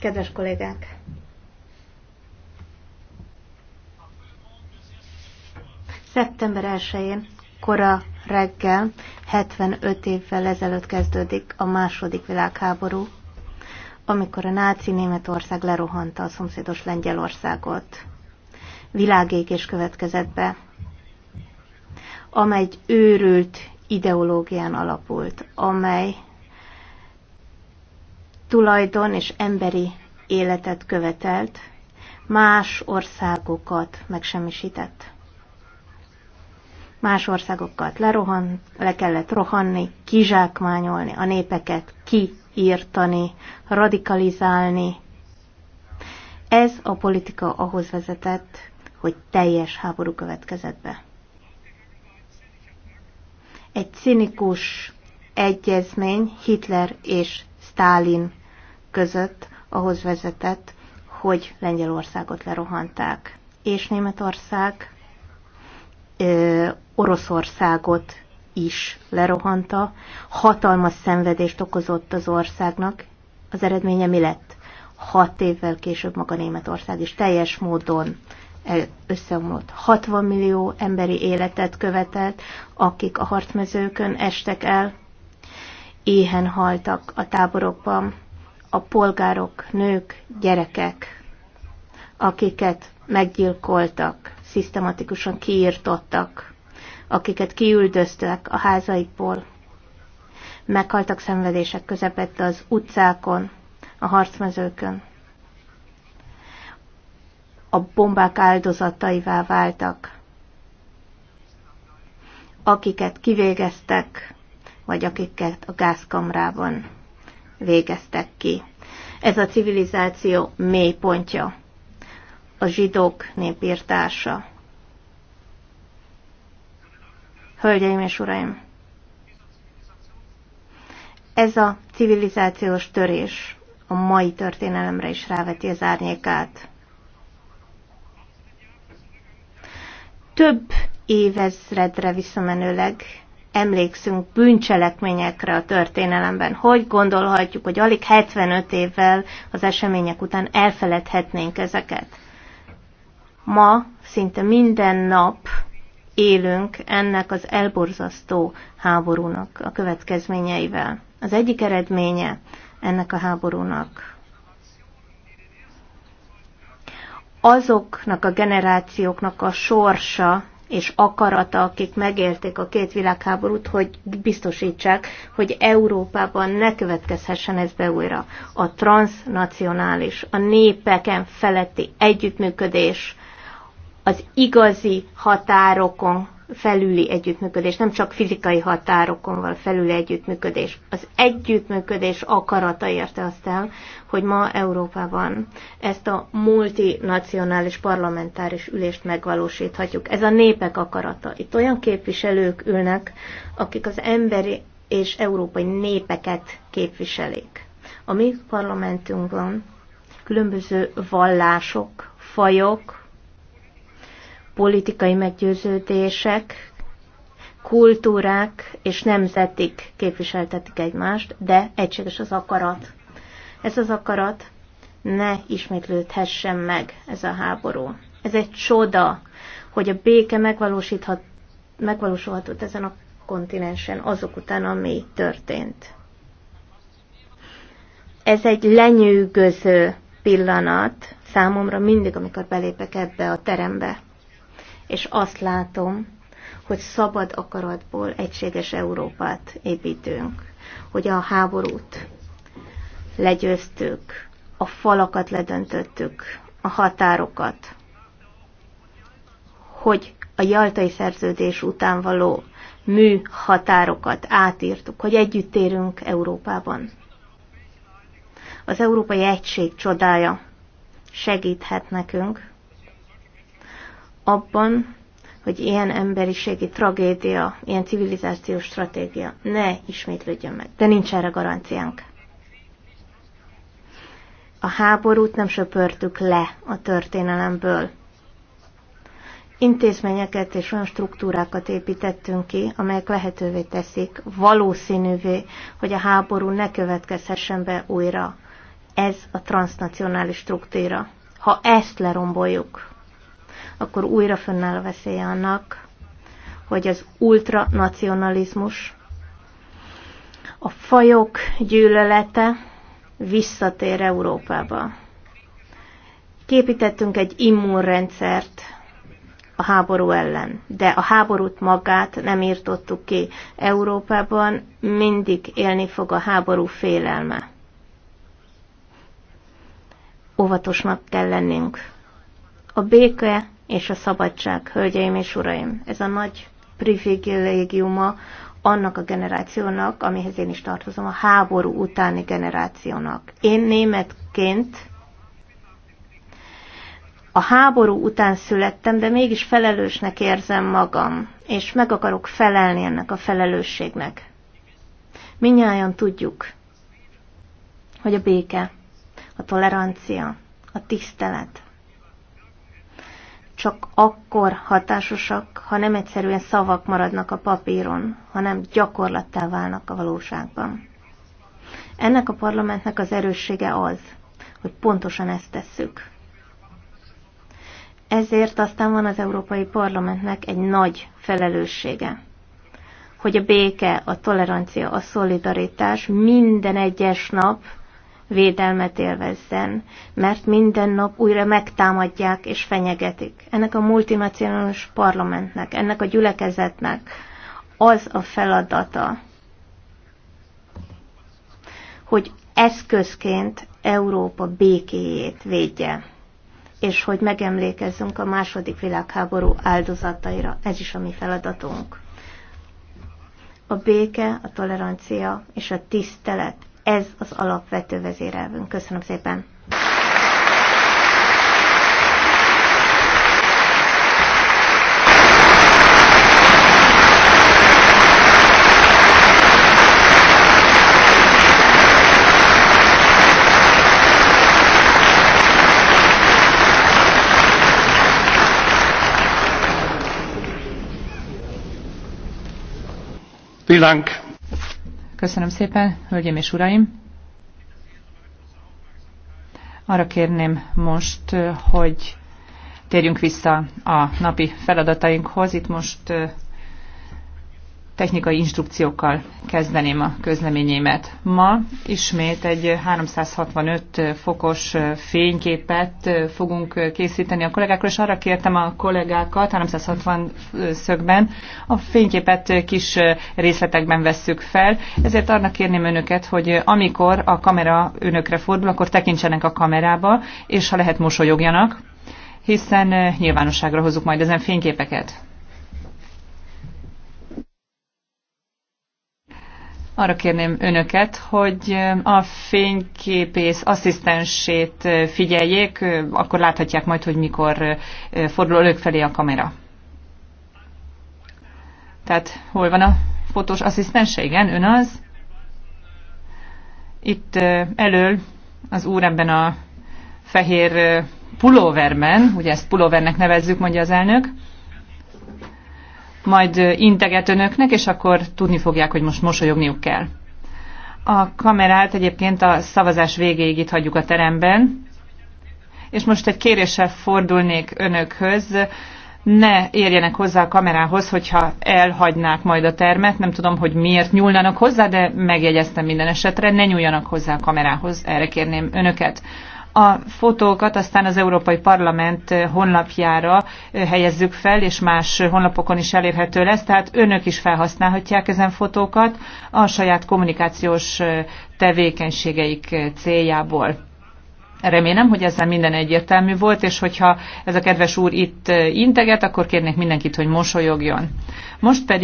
Kedves kollégák! Szeptember 1-én, kora reggel, 75 évvel ezelőtt kezdődik a második világháború, amikor a náci Németország lerohanta a szomszédos Lengyelországot. Világégés következett be, amely egy őrült ideológián alapult, amely tulajdon és emberi életet követelt, más országokat megsemmisített. Más országokat lerohan, le kellett rohanni, kizsákmányolni, a népeket kiírtani, radikalizálni. Ez a politika ahhoz vezetett, hogy teljes háború következett be. Egy cinikus egyezmény Hitler és Stalin között ahhoz vezetett, hogy Lengyelországot lerohanták, és Németország ö, Oroszországot is lerohanta, hatalmas szenvedést okozott az országnak. Az eredménye mi lett? Hat évvel később maga Németország is teljes módon összeomlott. 60 millió emberi életet követelt, akik a harcmezőkön estek el, éhen haltak a táborokban, a polgárok, nők, gyerekek, akiket meggyilkoltak, szisztematikusan kiirtottak, akiket kiüldöztek a házaikból, meghaltak szenvedések közepette az utcákon, a harcmezőkön. A bombák áldozataivá váltak, akiket kivégeztek, vagy akiket a gázkamrában végeztek ki. Ez a civilizáció mélypontja, a zsidók népírtása. Hölgyeim és uraim! Ez a civilizációs törés a mai történelemre is ráveti az árnyékát. Több évezredre visszamenőleg emlékszünk bűncselekményekre a történelemben. Hogy gondolhatjuk, hogy alig 75 évvel az események után elfeledhetnénk ezeket? Ma szinte minden nap élünk ennek az elborzasztó háborúnak a következményeivel. Az egyik eredménye ennek a háborúnak azoknak a generációknak a sorsa, és akarata, akik megélték a két világháborút, hogy biztosítsák, hogy Európában ne következhessen ez be újra. A transnacionális, a népeken feletti együttműködés, az igazi határokon felüli együttműködés, nem csak fizikai határokon van felüli együttműködés. Az együttműködés akarata érte azt el, hogy ma Európában ezt a multinacionális parlamentáris ülést megvalósíthatjuk. Ez a népek akarata. Itt olyan képviselők ülnek, akik az emberi és európai népeket képviselik. A mi parlamentünkben különböző vallások, fajok, politikai meggyőződések, kultúrák és nemzetik képviseltetik egymást, de egységes az akarat. Ez az akarat ne ismétlődhessen meg ez a háború. Ez egy csoda, hogy a béke megvalósíthat, megvalósulhatott ezen a kontinensen azok után, ami történt. Ez egy lenyűgöző pillanat számomra mindig, amikor belépek ebbe a terembe és azt látom, hogy szabad akaratból egységes Európát építünk, hogy a háborút legyőztük, a falakat ledöntöttük, a határokat, hogy a jaltai szerződés után való mű határokat átírtuk, hogy együtt érünk Európában. Az európai egység csodája segíthet nekünk, abban, hogy ilyen emberiségi tragédia, ilyen civilizációs stratégia ne ismétlődjön meg. De nincs erre garanciánk. A háborút nem söpörtük le a történelemből. Intézményeket és olyan struktúrákat építettünk ki, amelyek lehetővé teszik, valószínűvé, hogy a háború ne következhessen be újra. Ez a transnacionális struktúra. Ha ezt leromboljuk, akkor újra fönnáll a veszélye annak, hogy az ultranacionalizmus, a fajok gyűlölete visszatér Európába. Képítettünk egy immunrendszert a háború ellen, de a háborút magát nem írtottuk ki. Európában mindig élni fog a háború félelme. Óvatosnak kell lennünk. A béke és a szabadság, hölgyeim és uraim, ez a nagy privilégiuma annak a generációnak, amihez én is tartozom, a háború utáni generációnak. Én németként a háború után születtem, de mégis felelősnek érzem magam, és meg akarok felelni ennek a felelősségnek. Minnyáján tudjuk, hogy a béke, a tolerancia, a tisztelet, csak akkor hatásosak, ha nem egyszerűen szavak maradnak a papíron, hanem gyakorlattá válnak a valóságban. Ennek a parlamentnek az erőssége az, hogy pontosan ezt tesszük. Ezért aztán van az Európai Parlamentnek egy nagy felelőssége, hogy a béke, a tolerancia, a szolidaritás minden egyes nap védelmet élvezzen, mert minden nap újra megtámadják és fenyegetik. Ennek a multinacionális parlamentnek, ennek a gyülekezetnek az a feladata, hogy eszközként Európa békéjét védje, és hogy megemlékezzünk a második világháború áldozataira. Ez is a mi feladatunk. A béke, a tolerancia és a tisztelet ez az alapvető vezérelvünk. Köszönöm szépen! vielen dank! Köszönöm szépen, hölgyeim és uraim! Arra kérném most, hogy térjünk vissza a napi feladatainkhoz. Itt most technikai instrukciókkal kezdeném a közleményémet. Ma ismét egy 365 fokos fényképet fogunk készíteni a kollégákról, és arra kértem a kollégákat 360 szögben, a fényképet kis részletekben vesszük fel, ezért arra kérném önöket, hogy amikor a kamera önökre fordul, akkor tekintsenek a kamerába, és ha lehet mosolyogjanak, hiszen nyilvánosságra hozzuk majd ezen fényképeket. Arra kérném önöket, hogy a fényképész asszisztensét figyeljék, akkor láthatják majd, hogy mikor fordul önök felé a kamera. Tehát hol van a fotós asszisztense? Igen, ön az. Itt elől az úr ebben a fehér pulóverben, ugye ezt pulóvernek nevezzük, mondja az elnök, majd integet önöknek, és akkor tudni fogják, hogy most mosolyogniuk kell. A kamerát egyébként a szavazás végéig itt hagyjuk a teremben, és most egy kéréssel fordulnék önökhöz, ne érjenek hozzá a kamerához, hogyha elhagynák majd a termet. Nem tudom, hogy miért nyúlnának hozzá, de megjegyeztem minden esetre. Ne nyúljanak hozzá a kamerához, erre kérném önöket. A fotókat aztán az Európai Parlament eh, honlapjára eh, helyezzük fel, és más honlapokon is elérhető lesz, tehát önök is felhasználhatják ezen fotókat a saját kommunikációs eh, tevékenységeik céljából. Remélem, hogy ezzel minden egyértelmű volt, és hogyha ez a kedves úr itt integet, akkor kérnék mindenkit, hogy mosolyogjon. Most pedig